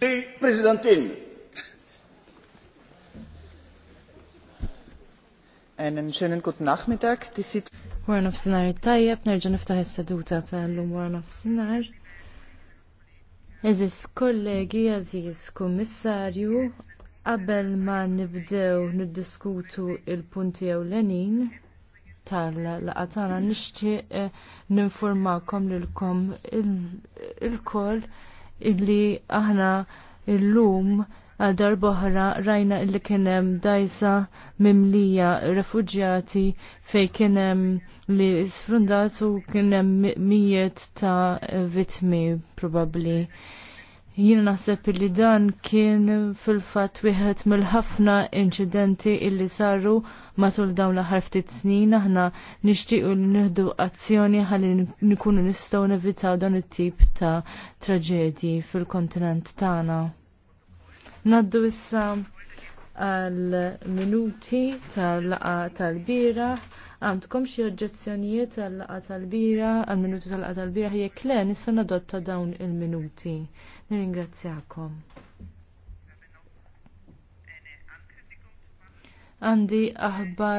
Di Presidentin. Einen schönen guten Nachmittag. Die Sit Wara nofsinhar tajjeb, nerġa' niftaħ is-seduta ta' tal-lum wara nofsinhar. Eżis kollegi, eżis kummissarju, qabel ma nibdew niddiskutu il-punti ewlenin tal-laqatana nixtieq eh, ninformakom lilkom il-koll il illi aħna illum għal darboħra rajna illi kienem dajsa mimlija refugjati fej kienem li sfrundatu kienem mijiet ta' vitmi probabli. Jien naħseb li dan kien fil-fatt wieħed mill-ħafna inċidenti illi saru matul dawn l-aħħar ftit snin aħna nixtiequ li nieħdu azzjoni ħalli nkunu nistgħu nevitaw dan it-tip ta' traġedji fil-kontinent tagħna. Naddu issa għal minuti tal-laqa tal-bira. Għamtkom xie oġġezzjonijiet tal-laqa tal-bira, għal minuti tal-laqa tal-bira, jekk le nista nadotta dawn il-minuti. nir-ingrazzjakom Għandi aħbar.